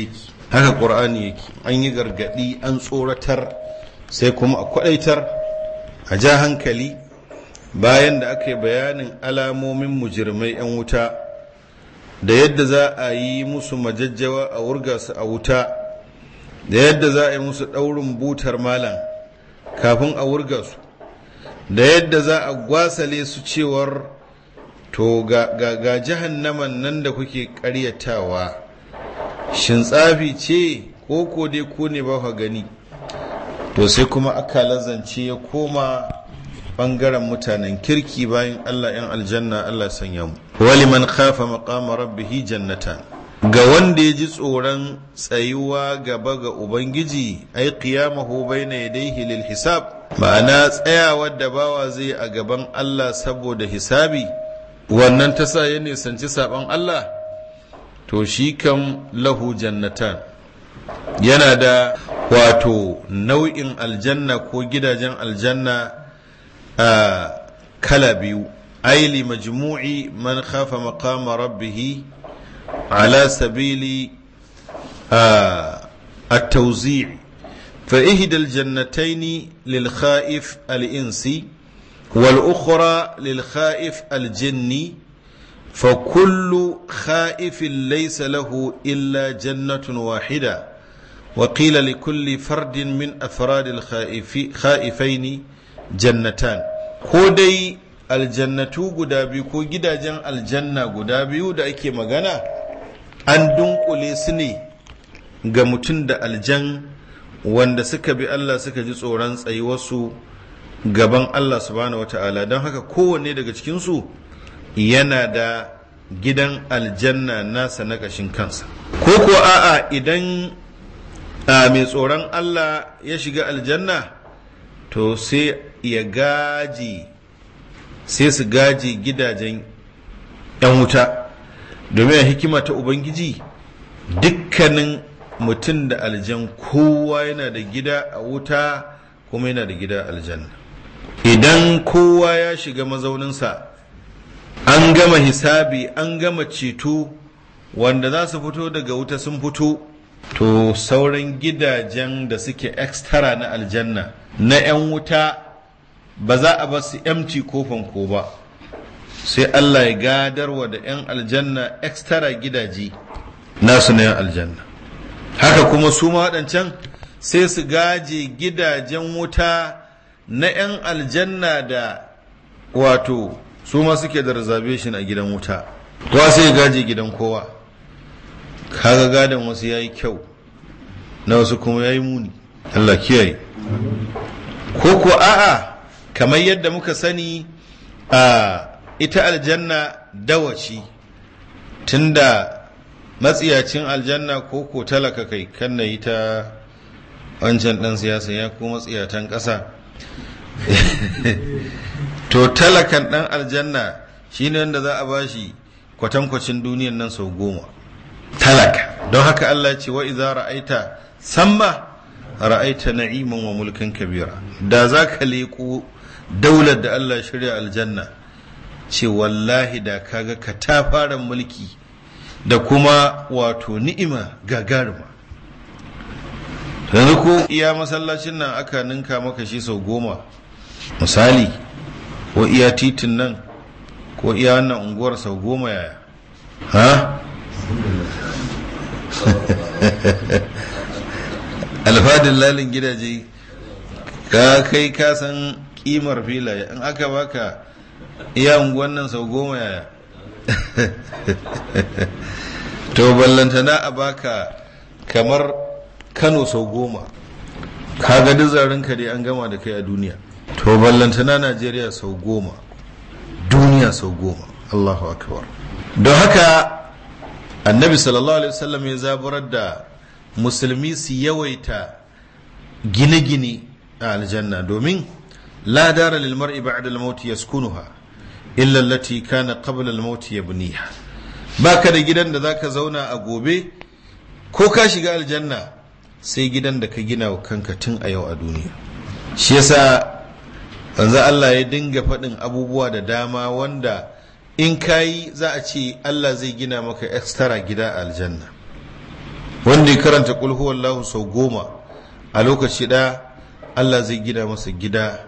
haka ƙur'ani yake an yi gargaɗi an tsoratar sai kuma a kwaɗaitar a ja hankali bayan da aka yi bayanin alamomin mujirmai 'yan wuta da yadda za a yi musu majajjawa a wurga su a wuta da yadda za a yi musu ɗaurin butar malam kafin a wurga su da yadda za a gwasale su cewar to ga, jihan naman nan da kuke ƙaryatawa shin tsafi ce ko dai ko ne ba ka gani to sai kuma aka lazance ya koma bangaren mutanen kirki bayan Allah yan aljanna Allah sanya mu waliman khafa rabbi hi jannata ga wanda ya ji tsoron tsayuwa gaba ga ubangiji ai na ya dai hilil hisab ma'ana tsayawar da bawa zai a gaban Allah saboda hisabi wannan ta sa ya nisanci saban Allah to shi kam lahu jannatan yana da wato nau'in aljanna ko gidajen aljanna a kala biyu aili majmu'i man khafa maqama rabbihi ala sabili التوزيع فإهدى الجنتين للخائف الإنسي والأخرى للخائف الجني fa kullu kha'ifin laysa lahu illa jannatun wahida wa li kulli fardin min afradil ne jannatan ko dai aljannatu guda biyu ko gidajen aljanna guda biyu da ake magana an dunkule su ne ga mutum da aljan wanda suka bi Allah suka ji tsoron su, gaban Allah subhanahu wata'ala don haka kowanne daga cikinsu yana da gidan aljanna nasa na ƙashin kansa ko ko a'a idan mai tsoron Allah ya shiga aljanna to sai ya gaji sai su gaji gidajen 'yan wuta domin hikima ta ubangiji dukkanin mutum da aljan kowa yana da gida a wuta kuma yana da gida aljanna idan kowa ya shiga mazauninsa an gama hisabi an gama ceto wanda za su fito daga wuta sun fito to sauran gidajen da suke extra na aljanna na 'yan wuta ba za a ba su emci kofan ko ba sai Allah ya gadarwa da 'yan aljanna extra gidaje nasu na 'yan aljanna haka kuma su waɗancan sai su gaje gidajen wuta na 'yan aljanna da wato su ma suke da reservation a gidan wuta kowa sai gaje gidan kowa kaga gadon wasu ya yi kyau na wasu kuma ya yi muni Allah kiyaye ko ko a'a kamar yadda muka sani a ita aljanna dawaci tunda matsiyacin aljanna ko ko talaka kai kan na yi ta wancan dan siyasa ya ko matsiyatan ƙasa to talakan ɗan aljanna shi ne wanda za a ba bashi kwatankwacin duniyan nan sau goma talaka don haka Allah ce wa iza ra'aita samma ra'aita na'iman wa mulkin kabira da za ka leƙo daular da Allah shirya aljanna ce wallahi da kaga ka ta fara mulki da kuma wato ni'ima gagarima yanzu ko iya masallacin nan aka ninka maka shi sau goma misali ko iya titin nan ko iya wannan unguwar sau goma yaya ha alfadin lalin gidaje ka kai ka san kimar filaye in aka baka iya unguwan nan sau goma yaya to ballantana a baka kamar kano sau goma ka ga duk zarinka dai an gama da kai a duniya to ballantana najeriya sau goma duniya sau goma allahu akbar don haka annabi sallallahu alaihi wasallam ya zaburar da musulmi su yawaita gine-gine a aljanna domin la dara lil mar'i ba'da al-maut yaskunuha illa allati kana qabla al-maut yabniha baka da gidan da zaka zauna a gobe ko ka shiga aljanna sai gidan da ka gina wa kanka tun a yau a duniya shi yasa manzo Allah ya dinga faɗin abubuwa da dama wanda in kayi za a ce Allah zai gina maka extra gida a aljanna wanda ya karanta kulhuwar lahu sau goma a lokaci da Allah zai gina masa gida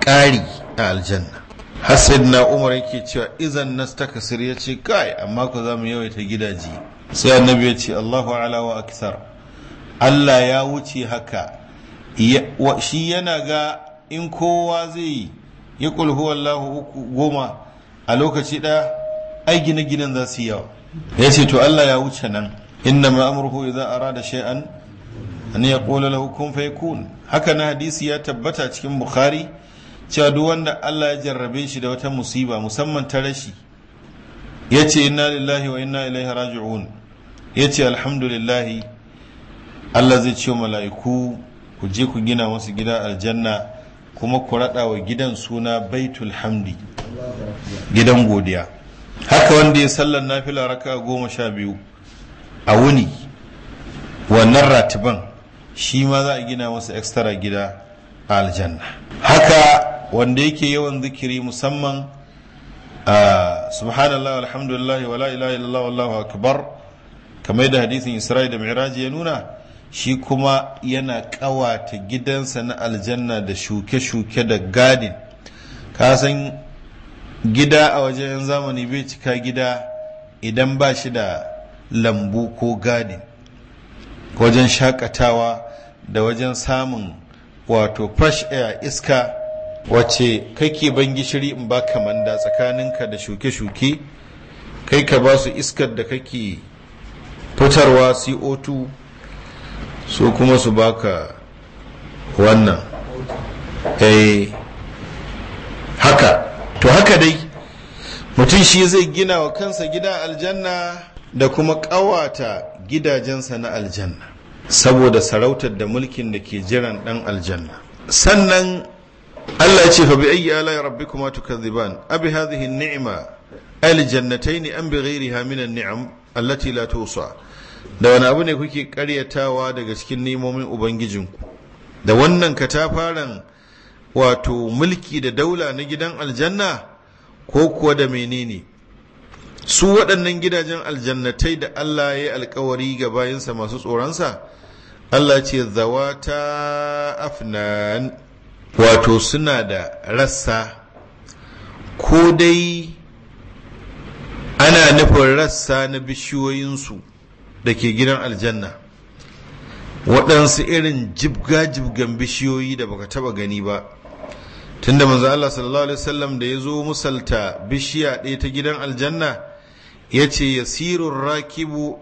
ƙari a aljanna hasid na umar yake cewa izan nas ta kasir ya ce kai amma ku za mu yawaita gidaje sai annabi ya ce Allahu ala wa aksar Allah ya wuce haka shi yana ga in kowa zai yi ya kulhu uku goma a lokaci ɗaya ai gine-ginen za su yi yawa ya ce to Allah ya wuce nan inna ma'amurhu idan arada shay'an an ya qula lahu kun haka na hadisi ya tabbata cikin bukhari cewa duk wanda Allah ya jarrabe shi da wata musiba musamman ta rashi ya ce inna lillahi wa inna ilaihi raji'un ya ce alhamdulillahi Allah zai ce mala'iku ku je ku gina masu gida aljanna kuma ku wa gidan suna baitul hamdi gidan godiya haka wanda ya sallar nafila raka goma sha biyu a wuni wannan ratiban shi ma za a gina masa extra gida a aljanna haka wanda yake yawan zikiri musamman a subhanallah alhamdulillah wala ilaha illallah wallahu akbar kamar da hadisin isra'i da mi'raji ya nuna shi kuma yana ƙawata gidansa na aljanna da shuke-shuke da gadin kasan gida a wajen 'yan zamani bai cika gida idan ba shi da lambu ko gadi wajen shakatawa da wajen samun wato fresh air iska wace kake ban gishiri in ba da tsakaninka da shuke-shuke kai ka ba su iskar da kake fitarwa co2 su kuma su baka wannan eh haka to haka dai mutum shi zai gina wa kansa gida aljanna da kuma ƙawata gidajensa na aljanna saboda sarautar da mulkin da ke jiran ɗan aljanna sannan Allah ce fa bi ayi ala rabbikuma tukadhiban abi hadhihi ni'ma al jannatayn am bi ghayriha min an-ni'am allati la tusa da wani abu ne kuke karyatawa daga cikin nemomin ubangijinku da wannan katafaren wato mulki da daula na gidan aljanna ko kuwa da menene su waɗannan gidajen aljannatai da Allah ya yi alkawari ga bayansa masu tsoronsa Allah ce zawa zawata afnan wato suna da rassa ko dai ana nufin rassa na bishiyoyinsu da ke gidan aljanna waɗansu irin jibga-jibgan bishiyoyi da baka taba gani ba tunda manzo Allah sallallahu alaihi wasallam da ya zo musalta bishiya ɗaya ta gidan aljanna ya ce yasirun rakibu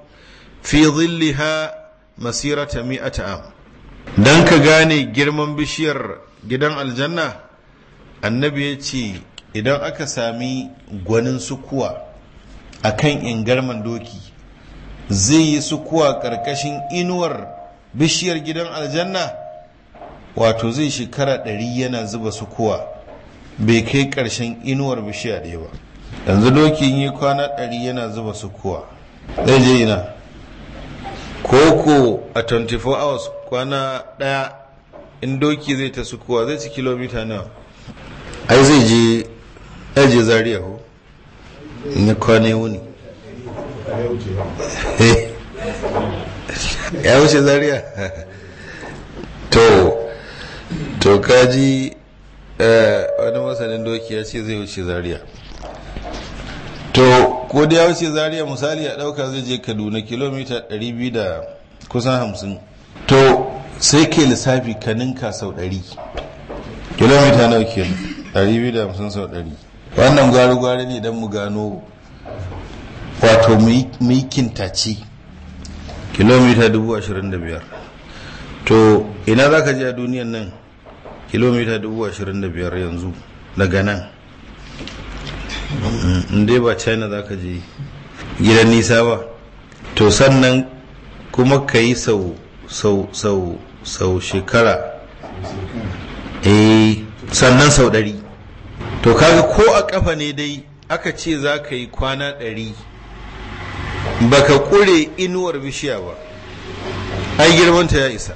fi zilliha masirata mi'ata am dan ka gane girman bishiyar gidan aljanna annabi ya ce idan aka sami gwanin sukuwa akan ingarman doki zai yi sukuwa ƙarƙashin inuwar bishiyar gidan aljanna wato zai shekara ɗari yana zuba sukuwa bai kai ƙarshen inuwar bishiya ɗaya ba yanzu dokin yi kwana ɗari yana zuba sukuwa zai je ina koko a 24 hours kwana ɗaya in doki zai ta sukuwa zai ci kilomita nawa ai zai je zariya ho ni kwane wuni Eh. ya wuce zariya to to kaji eh, wani masanin doki ya ce zai wuce zariya to ko da ya wuce zariya misali ya dauka zai je kaduna kilomita 200 da kusan 50 to sai ke lissafi ka ninka sau 100 kilomita nawa ke 250 sau 100 wannan gwari-gwari ne don mu gano wato mu yi kilomita 25,000 to ina za ka ji a duniyan nan kilomita 25,000 yanzu daga nan mm, inda ba china za ka je gidan nisa ba to sannan kuma ka yi sau sau sau sau shekara eh sannan sau ɗari to kaga ko a ƙafa ne dai aka ce za ka yi kwana ɗari baka kure inuwar bishiya ba ai girmanta ya isa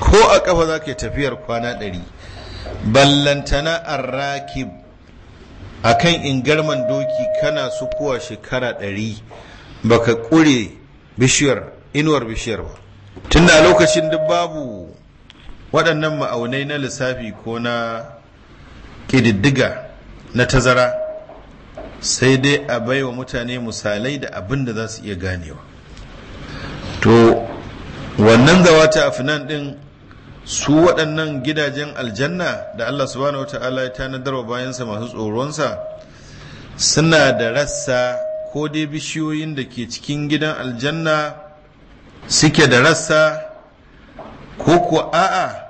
ko a ƙafa za ka yi tafiyar kwana ɗari ballantana arrakib a kan ingarman doki kana su kowa shekara ɗari baka kure bishiyar inuwar bishiyar ba tun da lokacin duk babu waɗannan ma'aunai na lissafi ko na ƙididdiga na tazara sai dai a baiwa mutane misalai da abin da za su iya ganewa to wannan zawata afinan din su waɗannan gidajen aljanna da allah subhanahu wata'ala ya tanadarwa bayansa masu tsoronsa suna da rassa ko dai bishiyoyin da ke cikin gidan aljanna suke da rassa ko ko a'a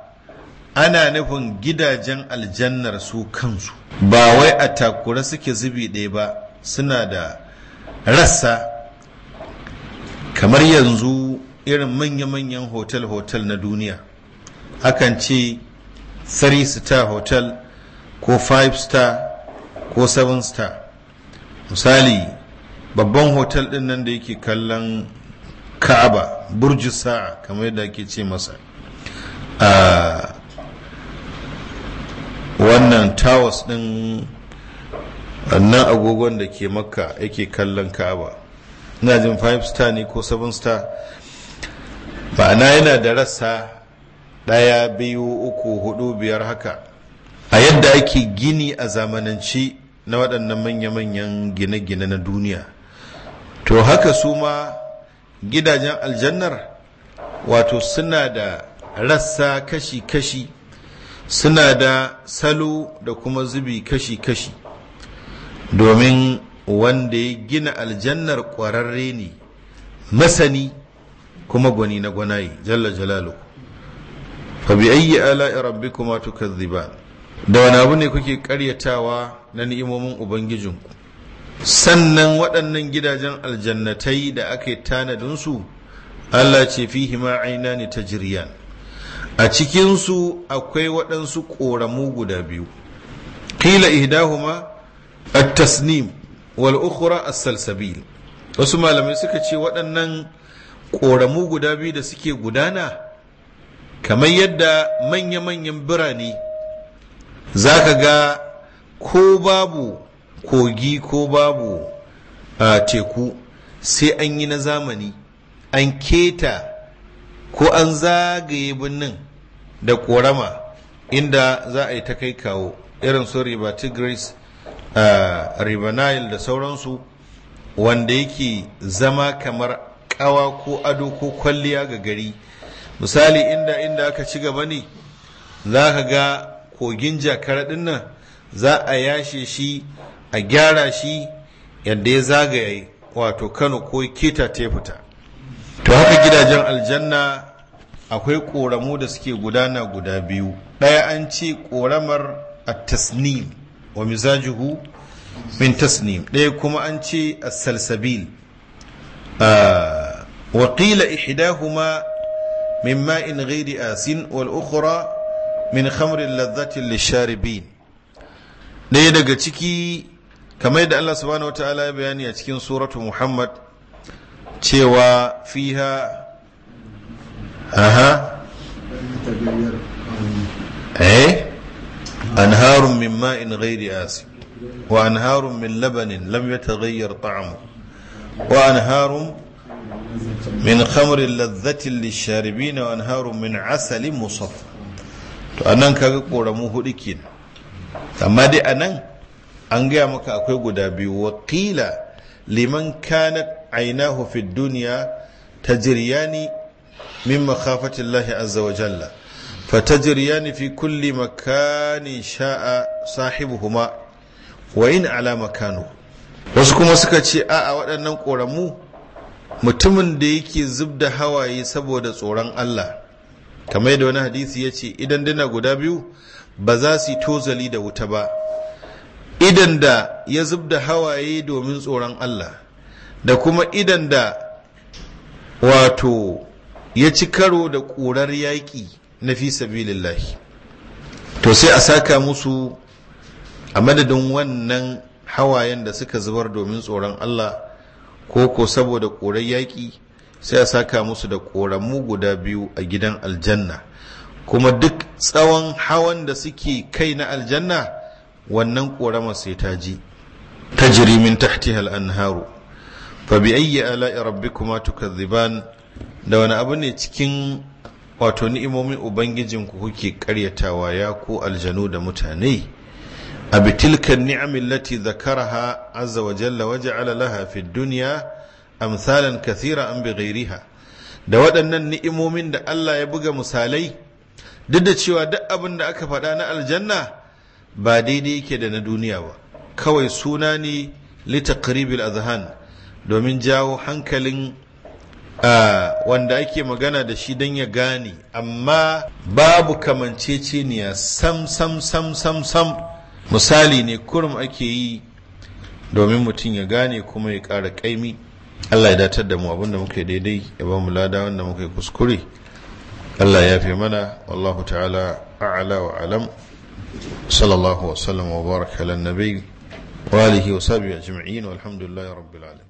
ana nufin gidajen aljannar su kansu ba wai a takura suke zubi ɗaya ba suna da rassa kamar yanzu irin manya-manyan hotel-hotel na duniya akan ce 3 star hotel ko 5 star ko 7 star misali babban hotel din nan da yake kallon ka'aba burji sa'a kamar yadda ake ce masa a ah, wannan tawas din nan agogon da ke makka yake kallon kaba. ina jin 5 star ne ko 7 star ma'ana yana da rasa ɗaya biyu uku hudu biyar haka a yadda ake gini a zamananci na waɗannan manya-manyan gine-gine na duniya to haka su ma gidajen aljannar wato suna da rassa kashi-kashi suna da salo da kuma zubi kashi-kashi domin wanda ya gina aljannar ƙwararre ne masani kuma gwani na gwanaye jalla jalalu fa bi ayyi ala'i tuka ziba. da wani abu ne kuke karyatawa na ni'imomin ubangijinku sannan waɗannan gidajen aljannatai da aka yi tanadinsu Allah ce fi hima aina ne ta jiriyan a cikinsu akwai waɗansu ƙoramu guda biyu ƙila ihdahuma at-tasnim wal ukhra as-salsabil wasu malamai suka ce waɗannan ƙoramu guda biyu da suke gudana kamar yadda manya-manyan birane za ka ga ko babu kogi ko babu a teku sai an yi na zamani an keta ko an zagaye birnin da korama inda za a yi ta kai kawo irin su riba tigris riba nile da sauransu wanda yake zama kamar kawa ko ado ko kwalliya ga gari misali inda inda aka ci gaba ne za ka ga kogin jakaradin nan za a yashe shi a gyara shi yadda ya zagaye wato kano ko keta ta fita to haka gidajen aljanna akwai ƙoramu da suke gudana guda biyu ɗaya an ce ƙoramar a tasnil wa mizajuhu min tasnim ɗaya kuma an ce a salsabil ah, waƙila ihdahuma min ma'in ghairi asin wal ukhra min khamrin ladhatin lisharibin ɗaya daga ciki kamar da Allah subhanahu wa ta'ala ya bayani a cikin suratu Muhammad cewa fiha aha eh anharun min ma'in ghairi asib wa anharun min labanin lam yataghayyar ta'amu wa anharun min khamrin ladhatin lisharibin wa anharun min asalin musaffa to anan kaga koramu hudu kenan amma dai anan an gaya maka akwai guda biyu wakila liman kanat ainahu fi duniya tajriyani min مخافة الله عز وجل فتجريان في كل kulli makani sha'a وإن على مكانه ala wasu kuma suka ce a'a waɗannan ƙoramu mutumin da yake zub da hawaye saboda tsoron Allah kamar yadda wani hadisi ya ce idan dina guda biyu ba za su yi tozali da wuta ba idan da ya zubda hawaye domin tsoron Allah da kuma idan da wato ya ci karo da ƙurar yaƙi na fi sabilillahi to sai a saka musu a madadin wannan hawayen da suka zubar domin tsoron Allah ko ko saboda ƙurar yaƙi sai a saka musu da ƙoramu guda biyu a gidan aljanna kuma duk tsawon hawan da suke kai na aljanna wannan ƙorama sai ta ji Ta jirimin tahti al-anharu fa bi ayyi ala'i rabbikuma tukadhiban da wani abu ne cikin wato ni'imomin ubangijin ku kuke karyatawa ya ku aljanu da mutane a bitilkan ni'amin lati zakaraha azza wa jalla wa ja'ala laha fi duniya amsalan kathira an bi ghairiha da waɗannan ni'imomin da Allah ya buga misalai duk da cewa duk abin da aka faɗa na aljanna ba daidai yake da na duniya ba kawai suna ne litaqribil azhan domin jawo hankalin wanda ake magana da shi don ya gane amma babu kamanceceniya sam sam sam sam sam misali ne kurum ake yi domin mutum ya gane kuma ya ƙara ƙaimi allah ya datar da mu abinda muka daidai ya ba mu lada wanda muka kuskure allah ya fi mana wallahu ta'ala a'ala wa alam sallallahu wasallam wa baraka lan nabi wa alihi wa sahbihi ajma'in walhamdulillahi rabbil alamin